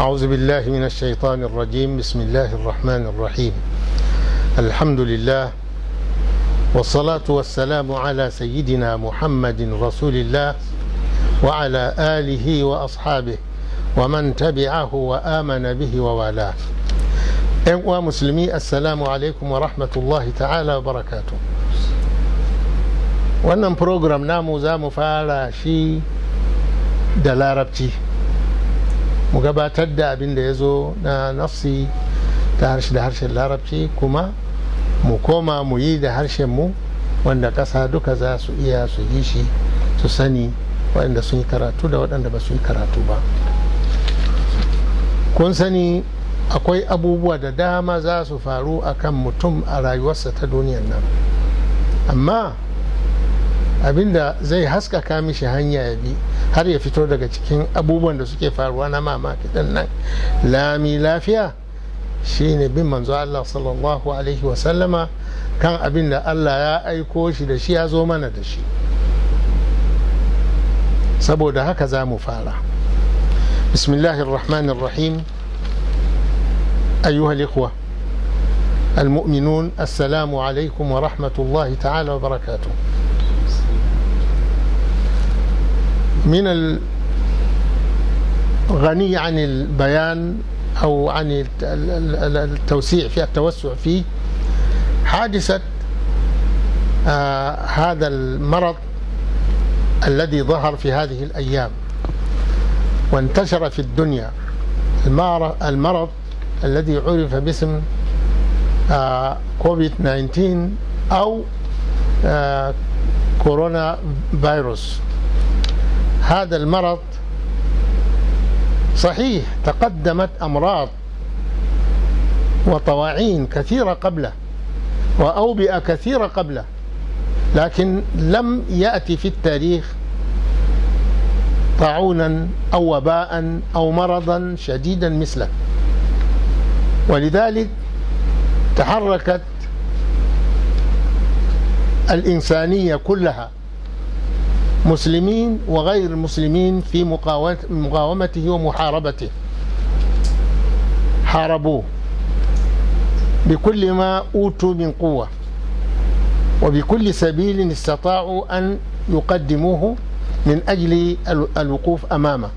أعوذ بالله من الشيطان الرجيم بسم الله الرحمن الرحيم الحمد لله والصلاة والسلام على سيدنا محمد رسول الله وعلى آله وأصحابه ومن تبعه وآمن به ووالاه أيها مسلمي السلام عليكم ورحمة الله تعالى وبركاته وأنا برنامج نامو زامو فعلا fara دلاربتي mu gabatar da abin da ya zo na nafsi ta harshe da harshen larabci kuma mu koma mu yi da harshen mu wanda ƙasa duka za su iya su yi shi su sani waɗanda sun yi karatu da waɗanda ba su yi karatu ba kun sani akwai abubuwa da dama za su faru a kan mutum a rayuwarsa ta duniyar nan amma abinda zai haskaka mishi hanya ya bi har ya fito daga cikin abubuwan da suke faruwa na mamaki dan nan lami lafiya shine bin manzo Allah sallallahu alaihi wasallama kan abin da Allah ya aiko shi da shi ya zo mana da shi saboda haka za mu fara bismillahirrahmanirrahim ayyuhal ikhwa المؤمنون السلام عليكم ورحمة الله تعالى وبركاته من الغني عن البيان أو عن التوسيع في التوسع فيه حادثة آه هذا المرض الذي ظهر في هذه الأيام وانتشر في الدنيا المرض الذي عرف باسم آه كوفيد 19 أو آه كورونا فيروس هذا المرض صحيح تقدمت أمراض وطواعين كثيرة قبله وأوبئة كثيرة قبله لكن لم يأتي في التاريخ طاعونا أو وباء أو مرضا شديدا مثله ولذلك تحركت الإنسانية كلها مسلمين وغير المسلمين في مقاومته ومحاربته حاربوه بكل ما أوتوا من قوة وبكل سبيل استطاعوا أن يقدموه من أجل الوقوف أمامه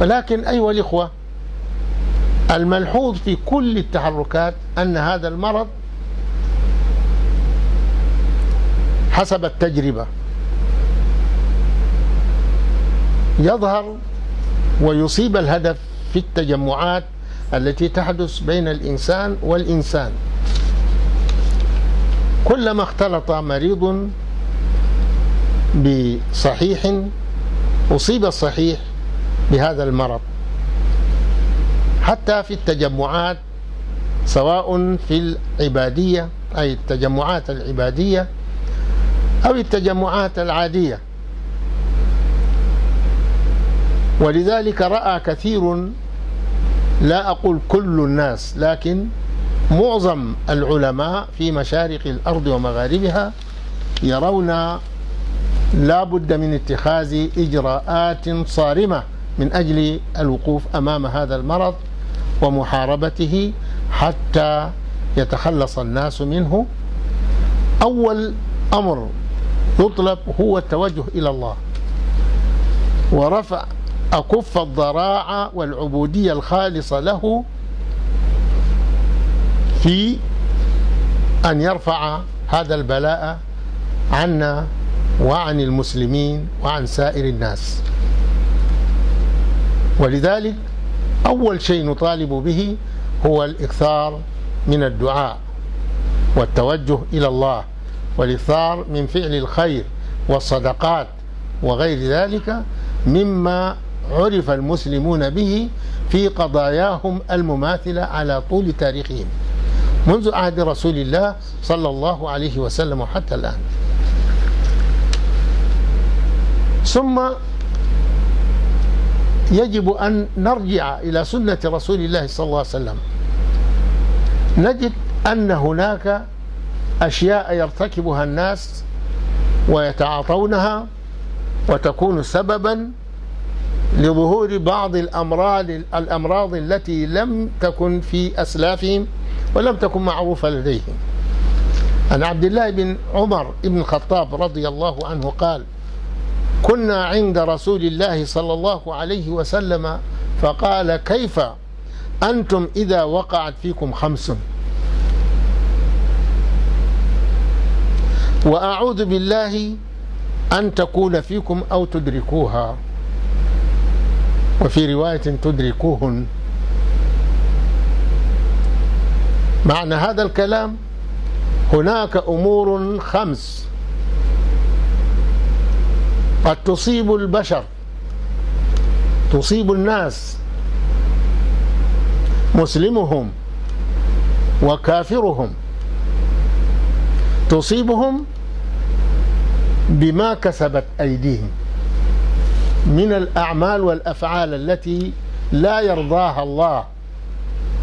ولكن أيها الإخوة الملحوظ في كل التحركات أن هذا المرض حسب التجربة يظهر ويصيب الهدف في التجمعات التي تحدث بين الإنسان والإنسان كلما اختلط مريض بصحيح أصيب الصحيح بهذا المرض حتى في التجمعات سواء في العبادية أي التجمعات العبادية أو التجمعات العادية ولذلك رأى كثير لا أقول كل الناس لكن معظم العلماء في مشارق الأرض ومغاربها يرون لا بد من اتخاذ إجراءات صارمة من أجل الوقوف أمام هذا المرض ومحاربته حتى يتخلص الناس منه أول أمر يطلب هو التوجه إلى الله ورفع أكف الضراعة والعبودية الخالصة له في أن يرفع هذا البلاء عنا وعن المسلمين وعن سائر الناس ولذلك أول شيء نطالب به هو الإكثار من الدعاء والتوجه إلى الله والإكثار من فعل الخير والصدقات وغير ذلك مما عرف المسلمون به في قضاياهم المماثلة على طول تاريخهم منذ عهد رسول الله صلى الله عليه وسلم حتى الآن ثم يجب أن نرجع إلى سنة رسول الله صلى الله عليه وسلم نجد أن هناك أشياء يرتكبها الناس ويتعاطونها وتكون سببا لظهور بعض الأمراض الأمراض التي لم تكن في أسلافهم ولم تكن معروفة لديهم عن عبد الله بن عمر بن الخطاب رضي الله عنه قال كنا عند رسول الله صلى الله عليه وسلم فقال كيف أنتم إذا وقعت فيكم خمس وأعوذ بالله أن تكون فيكم أو تدركوها وفي رواية تدركوهن معنى هذا الكلام هناك أمور خمس قد تصيب البشر تصيب الناس مسلمهم وكافرهم تصيبهم بما كسبت أيديهم من الأعمال والأفعال التي لا يرضاها الله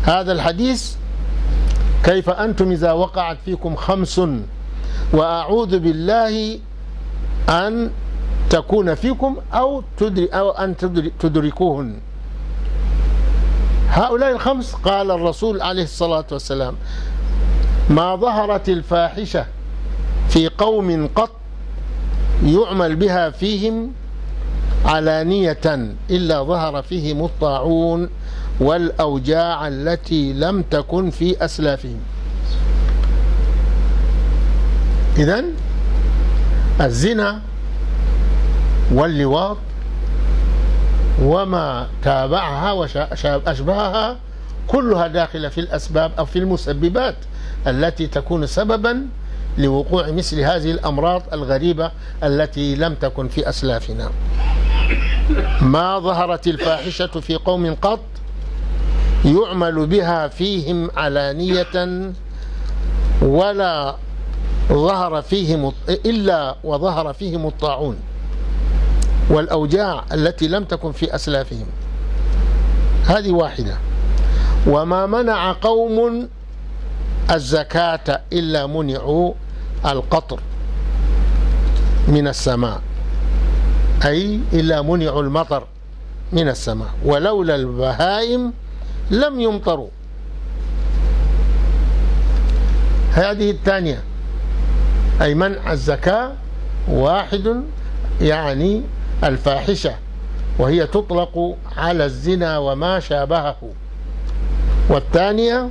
هذا الحديث كيف أنتم إذا وقعت فيكم خمس وأعوذ بالله أن تكون فيكم أو, تدري أو أن تدركوهن هؤلاء الخمس قال الرسول عليه الصلاة والسلام ما ظهرت الفاحشة في قوم قط يعمل بها فيهم علانية إلا ظهر فيهم الطاعون والأوجاع التي لم تكن في أسلافهم إذا الزنا واللواط وما تابعها وأشبهها كلها داخلة في الأسباب أو في المسببات التي تكون سببا لوقوع مثل هذه الأمراض الغريبة التي لم تكن في أسلافنا ما ظهرت الفاحشة في قوم قط يعمل بها فيهم علانية ولا ظهر فيهم إلا وظهر فيهم الطاعون والأوجاع التي لم تكن في أسلافهم هذه واحدة وما منع قوم الزكاة إلا منعوا القطر من السماء أي إلا منعوا المطر من السماء ولولا البهائم لم يمطروا هذه الثانية أي منع الزكاة واحد يعني الفاحشة وهي تطلق على الزنا وما شابهه والثانية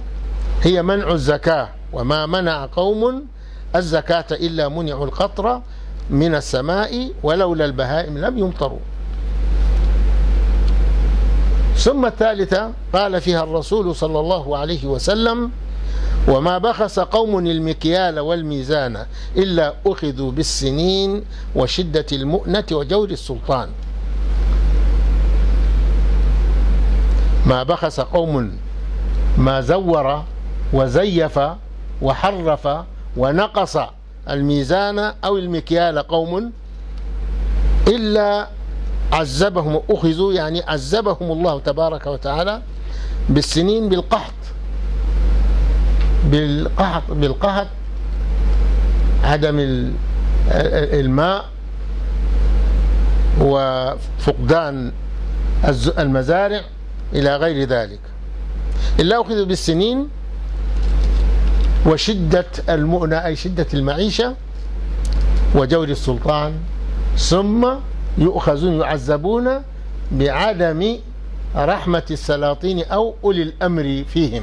هي منع الزكاة وما منع قوم الزكاة إلا منعوا القطرة من السماء ولولا البهائم لم يمطروا ثم الثالثة قال فيها الرسول صلى الله عليه وسلم وما بخس قوم المكيال والميزان إلا أخذوا بالسنين وشدة المؤنة وجور السلطان ما بخس قوم ما زور وزيف وحرف ونقص الميزان أو المكيال قوم إلا عذبهم أخذوا يعني عذبهم الله تبارك وتعالى بالسنين بالقحط بالقحط بالقحط عدم الماء وفقدان المزارع إلى غير ذلك إلا أخذوا بالسنين وشدة المؤنة أي شدة المعيشة وجور السلطان ثم يؤخذون يعذبون بعدم رحمة السلاطين أو أولي الأمر فيهم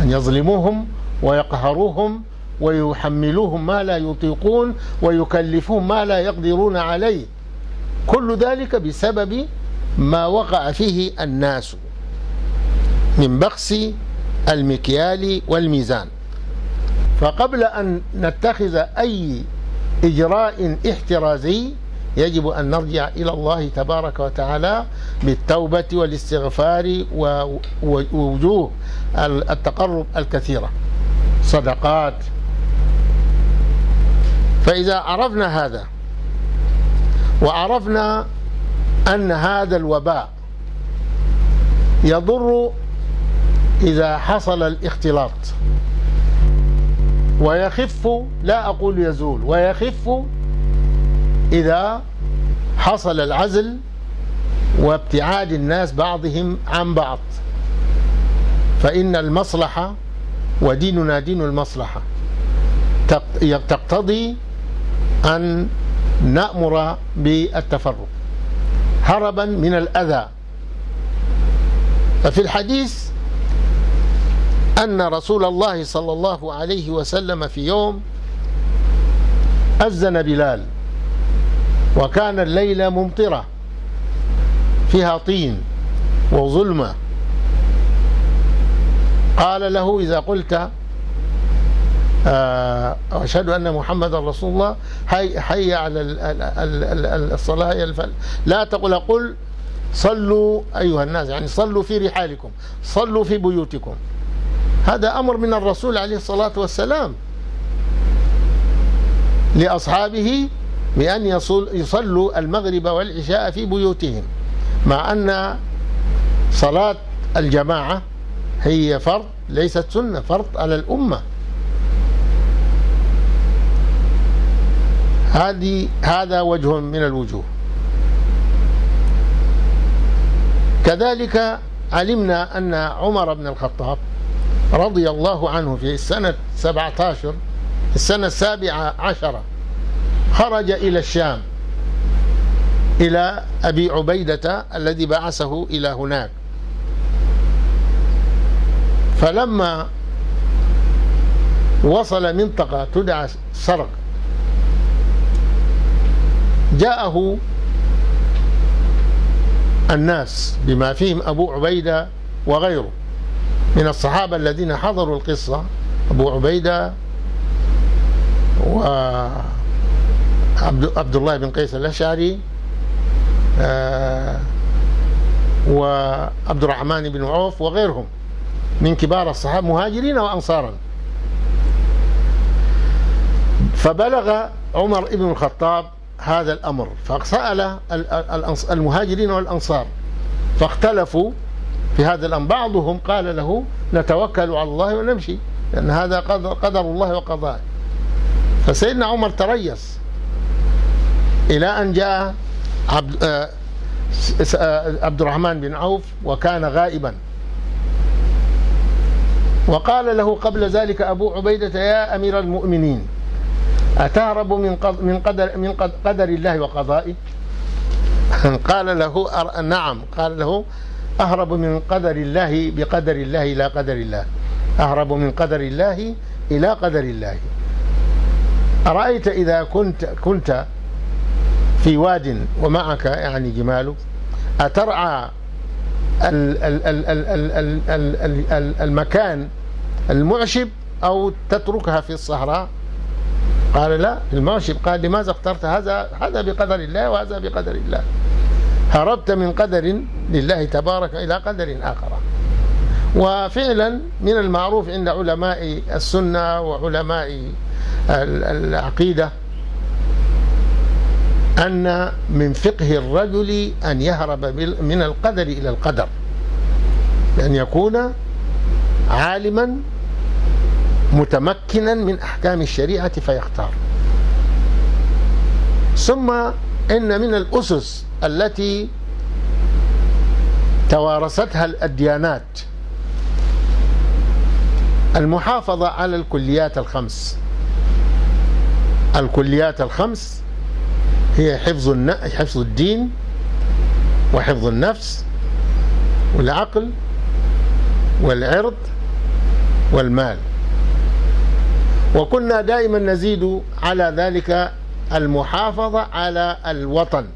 أن يظلموهم ويقهروهم ويحملوهم ما لا يطيقون ويكلفوهم ما لا يقدرون عليه كل ذلك بسبب ما وقع فيه الناس من بخس المكيال والميزان فقبل أن نتخذ أي إجراء احترازي يجب أن نرجع إلى الله تبارك وتعالى بالتوبة والاستغفار ووجوه التقرب الكثيرة صدقات فإذا عرفنا هذا وعرفنا أن هذا الوباء يضر إذا حصل الاختلاط ويخف لا أقول يزول ويخف إذا حصل العزل وابتعاد الناس بعضهم عن بعض فإن المصلحة وديننا دين المصلحة تقتضي أن نأمر بالتفرق هربا من الأذى ففي الحديث أن رسول الله صلى الله عليه وسلم في يوم أذن بلال وكان الليلة ممطرة فيها طين وظلمة قال له إذا قلت آه، أشهد أن محمد رسول الله حي, حي على الصلاة الفل لا تقل قل صلوا أيها الناس يعني صلوا في رحالكم صلوا في بيوتكم هذا أمر من الرسول عليه الصلاة والسلام لأصحابه بأن يصلوا المغرب والعشاء في بيوتهم مع أن صلاة الجماعة هي فرض ليست سنة فرض على الأمة هذه هذا وجه من الوجوه كذلك علمنا أن عمر بن الخطاب رضي الله عنه في السنة 17 السنة السابعة عشرة خرج إلى الشام إلى أبي عبيدة الذي بعثه إلى هناك فلما وصل منطقة تدعى سرق جاءه الناس بما فيهم أبو عبيدة وغيره من الصحابة الذين حضروا القصة أبو عبيدة و عبد الله بن قيس الأشعري آه، وعبد الرحمن بن عوف وغيرهم من كبار الصحابة مهاجرين وأنصارا فبلغ عمر بن الخطاب هذا الأمر فسأل المهاجرين والأنصار فاختلفوا في هذا الأمر بعضهم قال له نتوكل على الله ونمشي لأن هذا قدر, الله وقضاه فسيدنا عمر تريس إلى أن جاء عبد, آه، آه، عبد الرحمن بن عوف وكان غائبا وقال له قبل ذلك أبو عبيدة يا أمير المؤمنين أتهرب من من قدر من قدر الله وقضائه؟ قال له نعم قال له أهرب من قدر الله بقدر الله إلى قدر الله أهرب من قدر الله إلى قدر الله أرأيت إذا كنت كنت في واد ومعك يعني جمالك أترعى المكان المعشب أو تتركها في الصحراء قال لا المعشب قال لماذا اخترت هذا هذا بقدر الله وهذا بقدر الله هربت من قدر لله تبارك إلى قدر آخر وفعلا من المعروف عند علماء السنة وعلماء العقيدة أن من فقه الرجل أن يهرب من القدر إلى القدر بأن يكون عالما متمكنا من أحكام الشريعة فيختار ثم إن من الأسس التي توارثتها الأديانات المحافظة على الكليات الخمس الكليات الخمس هي حفظ حفظ الدين وحفظ النفس والعقل والعرض والمال وكنا دائما نزيد على ذلك المحافظة على الوطن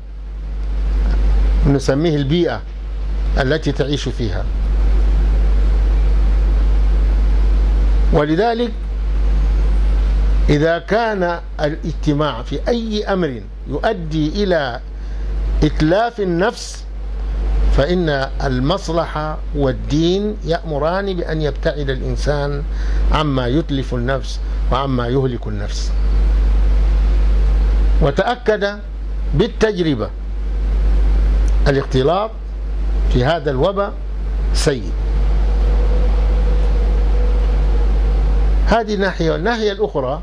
نسميه البيئة التي تعيش فيها ولذلك إذا كان الاجتماع في أي أمر يؤدي إلى إتلاف النفس فإن المصلحة والدين يأمران بأن يبتعد الإنسان عما يتلف النفس وعما يهلك النفس وتأكد بالتجربة الاختلاط في هذا الوباء سيء هذه ناحية والناحية الأخرى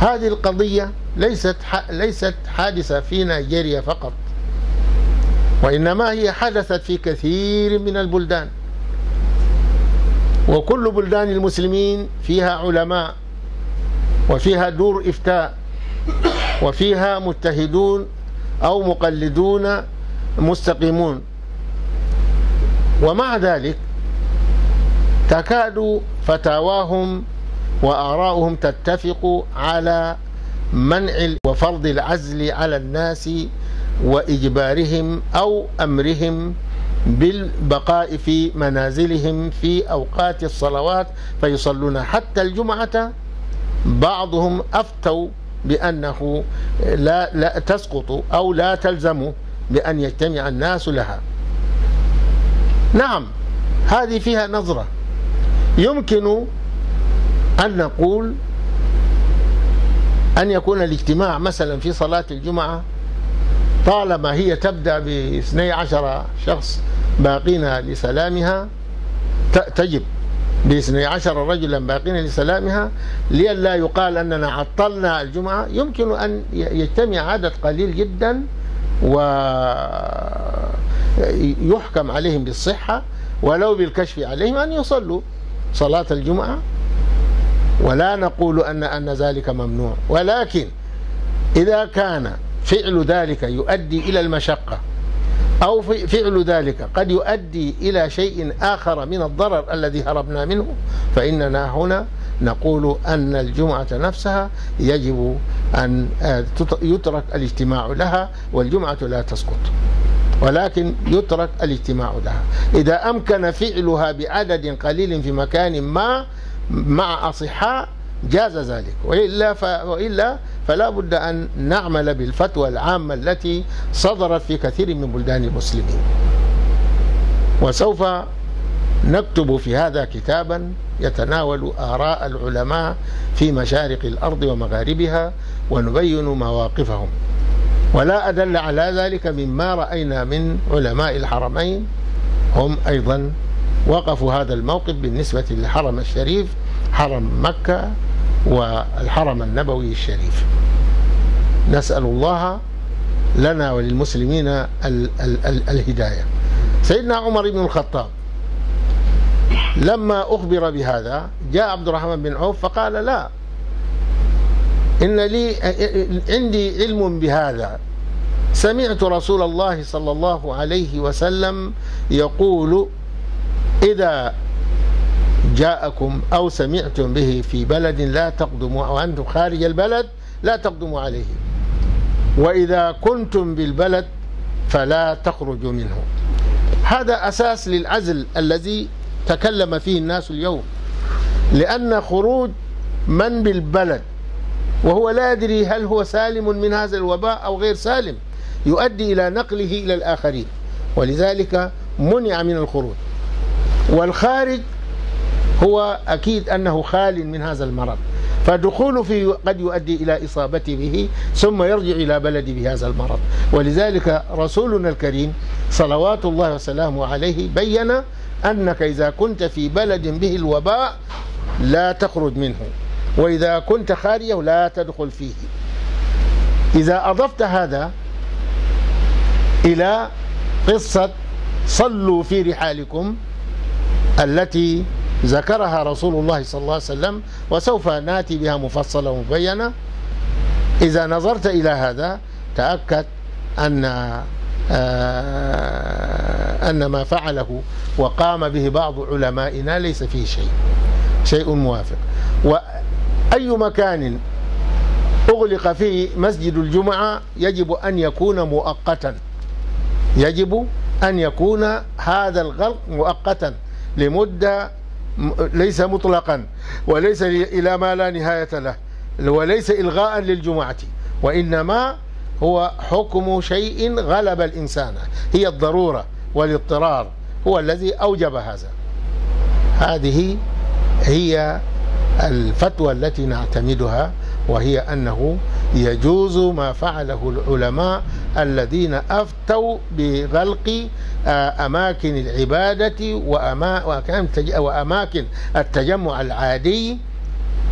هذه القضية ليست ليست حادثة في نيجيريا فقط وإنما هي حدثت في كثير من البلدان وكل بلدان المسلمين فيها علماء وفيها دور إفتاء وفيها مجتهدون أو مقلدون مستقيمون ومع ذلك تكاد فتاواهم وآراؤهم تتفق على منع وفرض العزل على الناس وإجبارهم أو أمرهم بالبقاء في منازلهم في أوقات الصلوات فيصلون حتى الجمعة بعضهم أفتوا بأنه لا, لا تسقط أو لا تلزم بأن يجتمع الناس لها نعم هذه فيها نظرة يمكن أن نقول أن يكون الاجتماع مثلا في صلاة الجمعة طالما هي تبدأ باثني عشر شخص باقين لسلامها تجب باثني عشر رجلا باقين لسلامها لئلا يقال أننا عطلنا الجمعة يمكن أن يجتمع عدد قليل جدا ويحكم عليهم بالصحة ولو بالكشف عليهم أن يصلوا صلاة الجمعة ولا نقول أن أن ذلك ممنوع ولكن إذا كان فعل ذلك يؤدي إلى المشقة أو فعل ذلك قد يؤدي إلى شيء آخر من الضرر الذي هربنا منه فإننا هنا نقول أن الجمعة نفسها يجب أن آه، يترك الاجتماع لها والجمعة لا تسقط ولكن يترك الاجتماع لها إذا أمكن فعلها بعدد قليل في مكان ما مع أصحاء جاز ذلك وإلا, ف... وإلا فلا بد أن نعمل بالفتوى العامة التي صدرت في كثير من بلدان المسلمين وسوف نكتب في هذا كتابا يتناول آراء العلماء في مشارق الأرض ومغاربها ونبين مواقفهم ولا أدل على ذلك مما رأينا من علماء الحرمين هم أيضا وقفوا هذا الموقف بالنسبة للحرم الشريف حرم مكة والحرم النبوي الشريف نسأل الله لنا وللمسلمين ال ال ال الهداية سيدنا عمر بن الخطاب لما أخبر بهذا جاء عبد الرحمن بن عوف فقال لا إن لي عندي علم بهذا سمعت رسول الله صلى الله عليه وسلم يقول إذا جاءكم أو سمعتم به في بلد لا تقدموا أو أنتم خارج البلد لا تقدموا عليه وإذا كنتم بالبلد فلا تخرجوا منه هذا أساس للعزل الذي تكلم فيه الناس اليوم لأن خروج من بالبلد وهو لا يدري هل هو سالم من هذا الوباء أو غير سالم يؤدي إلى نقله إلى الآخرين ولذلك منع من الخروج والخارج هو أكيد أنه خال من هذا المرض فدخوله فيه قد يؤدي إلى إصابته به ثم يرجع إلى بلده بهذا المرض ولذلك رسولنا الكريم صلوات الله وسلامه عليه بين أنك إذا كنت في بلد به الوباء لا تخرج منه وإذا كنت خارجه لا تدخل فيه إذا أضفت هذا إلى قصة صلوا في رحالكم التي ذكرها رسول الله صلى الله عليه وسلم وسوف ناتي بها مفصلة ومبينة إذا نظرت إلى هذا تأكد أن آه، أن ما فعله وقام به بعض علمائنا ليس فيه شيء شيء موافق وأي مكان أغلق فيه مسجد الجمعة يجب أن يكون مؤقتا يجب أن يكون هذا الغلق مؤقتا لمدة ليس مطلقا وليس إلى ما لا نهاية له وليس إلغاء للجمعة وإنما هو حكم شيء غلب الإنسان هي الضرورة والاضطرار هو الذي أوجب هذا هذه هي الفتوى التي نعتمدها وهي أنه يجوز ما فعله العلماء الذين أفتوا بغلق آه، أماكن العبادة وأماكن التجمع العادي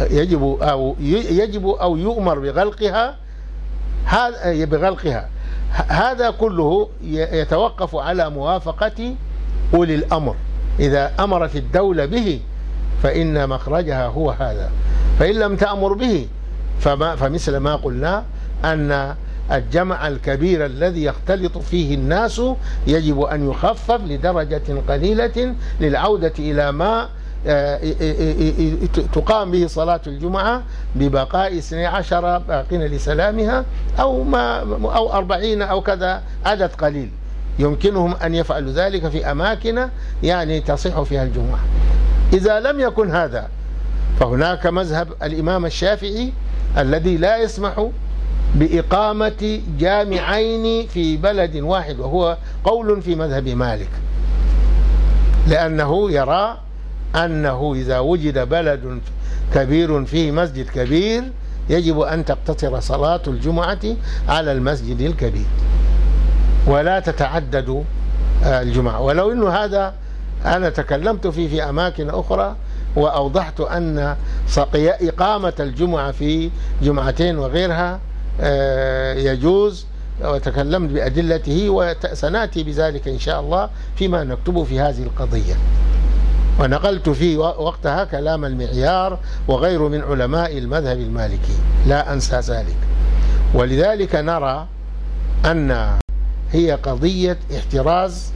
يجب أو يجب أو يؤمر بغلقها هذا آه، بغلقها هذا كله يتوقف على موافقة أولي الأمر إذا أمرت الدولة به فإن مخرجها هو هذا فإن لم تأمر به فما فمثل ما قلنا أن الجمع الكبير الذي يختلط فيه الناس يجب أن يخفف لدرجة قليلة للعودة إلى ما آه، آه، آه، تقام به صلاة الجمعة ببقاء 12 باقين لسلامها أو, ما أو 40 أو كذا عدد قليل يمكنهم أن يفعلوا ذلك في أماكن يعني تصح فيها الجمعة إذا لم يكن هذا فهناك مذهب الإمام الشافعي الذي لا يسمح بإقامة جامعين في بلد واحد وهو قول في مذهب مالك لأنه يرى أنه إذا وجد بلد كبير فيه مسجد كبير يجب أن تقتصر صلاة الجمعة على المسجد الكبير ولا تتعدد آه، الجمعة ولو أن هذا أنا تكلمت فيه في أماكن أخرى وأوضحت أن إقامة الجمعة في جمعتين وغيرها آه، يجوز وتكلمت بأدلته وسنأتي بذلك إن شاء الله فيما نكتبه في هذه القضية ونقلت في وقتها كلام المعيار وغير من علماء المذهب المالكي لا أنسى ذلك ولذلك نرى أن هي قضية احتراز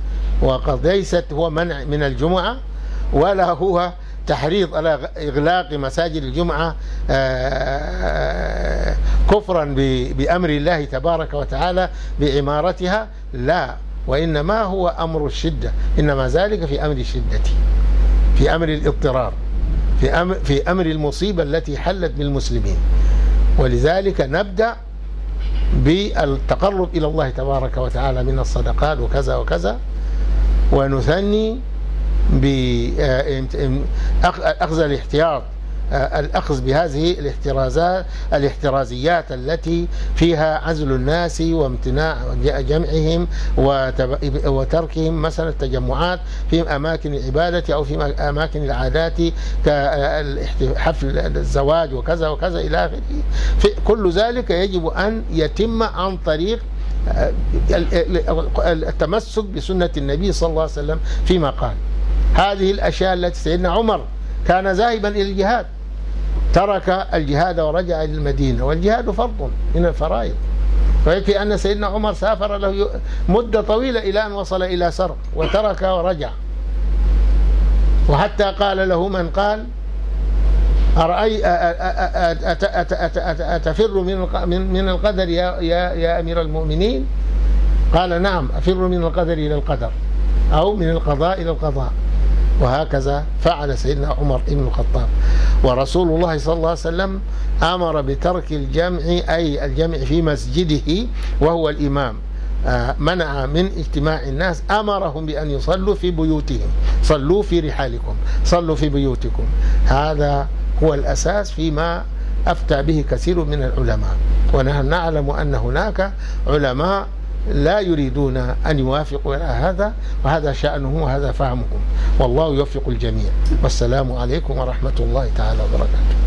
ليست هو منع من الجمعة ولا هو تحريض على إغلاق مساجد الجمعة آه، آه، كفرا بأمر الله تبارك وتعالى بعمارتها لا وإنما هو أمر الشدة إنما ذلك في أمر الشدة في أمر الاضطرار في أمر, في أمر المصيبة التي حلت بالمسلمين ولذلك نبدأ بالتقرب إلى الله تبارك وتعالى من الصدقات وكذا وكذا ونثني بأخذ آه، الاحتياط آه، الأخذ بهذه الاحترازات الاحترازيات التي فيها عزل الناس وامتناع جمعهم وتركهم مثلا التجمعات في أماكن العبادة أو في أماكن العادات كحفل الزواج وكذا وكذا إلى آخره كل ذلك يجب أن يتم عن طريق آه، التمسك بسنة النبي صلى الله عليه وسلم فيما قال هذه الأشياء التي سيدنا عمر كان ذاهبا إلى الجهاد ترك الجهاد ورجع إلى المدينة والجهاد فرض من الفرائض ويكفي أن سيدنا عمر سافر له مدة طويلة إلى أن وصل إلى سرق وترك ورجع وحتى قال له من قال أرأي أتفر من من القدر يا يا يا أمير المؤمنين قال نعم أفر من القدر إلى القدر أو من القضاء إلى القضاء وهكذا فعل سيدنا عمر بن الخطاب ورسول الله صلى الله عليه وسلم أمر بترك الجمع أي الجمع في مسجده وهو الإمام آه، منع من اجتماع الناس أمرهم بأن يصلوا في بيوتهم صلوا في رحالكم صلوا في بيوتكم هذا هو الأساس فيما أفتى به كثير من العلماء ونحن نعلم أن هناك علماء لا يريدون أن يوافقوا على هذا وهذا شأنه وهذا فهمهم والله يوفق الجميع والسلام عليكم ورحمة الله تعالى وبركاته